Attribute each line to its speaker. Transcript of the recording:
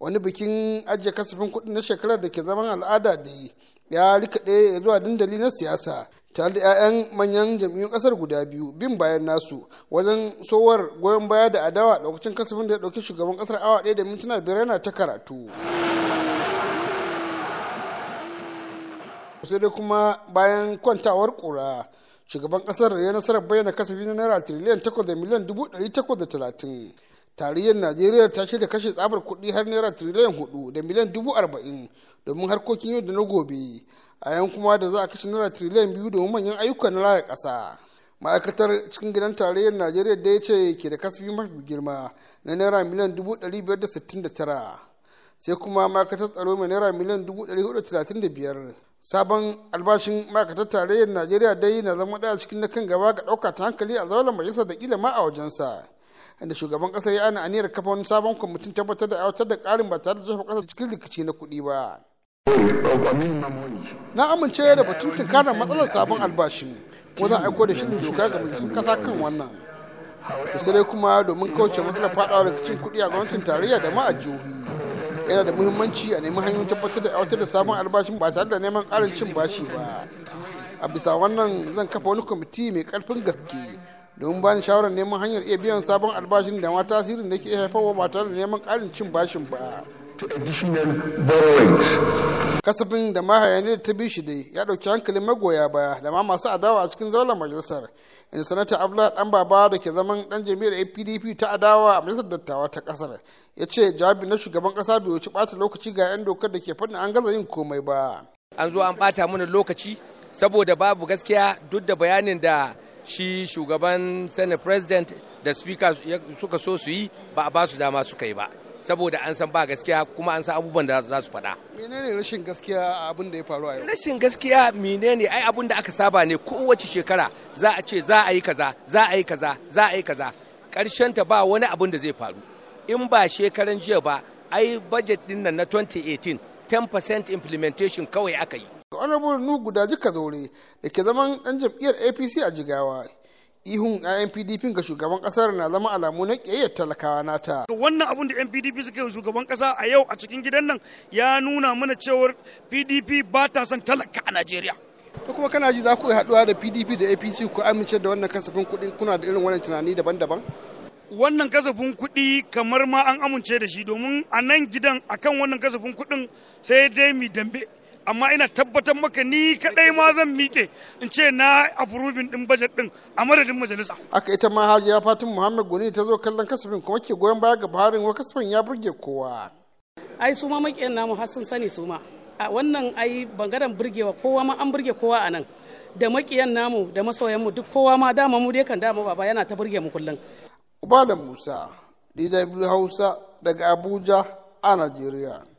Speaker 1: wani bikin ajiye kasafin kuɗi na shekarar da ke zaman al'ada da ya ya zuwa dandali na siyasa tare da 'ya'yan manyan jam'iyyun kasar guda biyu bin bayan nasu wajen sowar goyon baya da adawa lokacin kasafin da ya dauki shugaban kasar awa daya da mintuna biyar yana ta karatu sai dai kuma bayan kwantawar kura shugaban kasar ya nasarar bayyana kasafi na naira tiriliyan takwas da miliyan dubu ɗari takwas da talatin tarayyar najeriya ta shirya kashe tsabar kuɗi har naira tiriliyan hudu da miliyan dubu arba'in domin harkokin yau da na gobe a yan kuma da za a kashe naira tiriliyan biyu domin manyan ayyukan raya ƙasa ma'aikatar cikin gidan tarayyar najeriya da ya ce ke da kasafi mafi girma na naira miliyan dubu ɗari biyar da sittin da tara sai kuma ma'aikatar tsaro mai naira miliyan dubu ɗari hudu talatin da biyar sabon albashin ma'aikatar tarayyar najeriya dai na zama ɗaya cikin na kan gaba ga ɗauka ta hankali a zaunar majalisar da ƙila ma a wajensa da shugaban kasar ya ana aniyar kafa wani sabon kwamitin tabbatar da aiwatar da karin ba tare da jefa kasar cikin rikici na kuɗi ba. Na amince da batun tunkarar matsalar sabon albashin ko zan aiko da shirin doka ga majalisun kasa kan wannan. Kusa kuma domin kauce matsalar faɗawa rikicin kuɗi a gwamnatin tarayya da ma a jihohi. yana da muhimmanci a nemi hanyoyin tabbatar da aiwatar da sabon albashin ba tare da neman ƙarin cin bashi ba. A bisa wannan zan kafa wani kwamiti mai ƙarfin gaske domin bani shawarar neman hanyar iya biyan sabon albashin da ma tasirin da ke haifarwa ba tare da neman karin cin bashin ba. Kasafin da mahayanai da ta bi shi dai ya ɗauki hankalin magoya baya da ma masu adawa a cikin zaunar majalisar. In sanata Abdullahi dan baba da ke zaman dan jami'ar APDP ta adawa a majalisar dattawa ta kasar ya ce jawabi na shugaban kasa bai wuce ɓata lokaci ga 'yan dokar da ke faɗin an gaza yin komai ba.
Speaker 2: An zo an bata mana lokaci saboda babu gaskiya duk da bayanin da shi shugaban sani president da speaker suka so su yi ba a ba su dama suka yi ba saboda an san ba gaskiya kuma an san abubuwan da za su faɗa. menene rashin gaskiya abin da ya faru a yau rashin gaskiya menene ai abin da aka saba ne kowace shekara za a ce za a yi kaza za a yi kaza za a yi kaza karshen ta ba wani abin da zai faru in ba shekaran jiya ba ai budget din nan na 2018 10% implementation kawai aka yi
Speaker 1: honorable nu guda jika zaure da ke zaman dan jam'iyyar apc a jigawa ihun yan pdp ga shugaban kasar na zama alamu na kiyayyar talakawa nata
Speaker 3: wannan abun da yan pdp suka yi shugaban kasa a yau a cikin gidan nan ya nuna mana cewar pdp ba ta son talaka a najeriya
Speaker 1: to kuma kana ji za ku haɗuwa da pdp da apc ku amince da wannan kasafin kuɗin kuna da irin wannan
Speaker 3: tunani daban-daban wannan kasafin kuɗi kamar ma an amince da shi domin a nan gidan akan wannan kasafin kuɗin sai dai mi dambe amma ina tabbatar maka ni kadai ma zan miƙe in ce na afurubin din bajet din a madadin majalisa aka ita
Speaker 1: ma hajiya fatin muhammad goni ta zo kallon kasafin kuma ke goyon baya ga buhari wa kasafin ya burge kowa
Speaker 2: ai su ma namu har sani su a wannan ai bangaren burgewa kowa ma an burge kowa a nan da maƙiyan namu da masoyan mu duk kowa ma dama mu dai kan dama baba yana ta burge mu kullum uba da musa
Speaker 1: dw hausa daga abuja a najeriya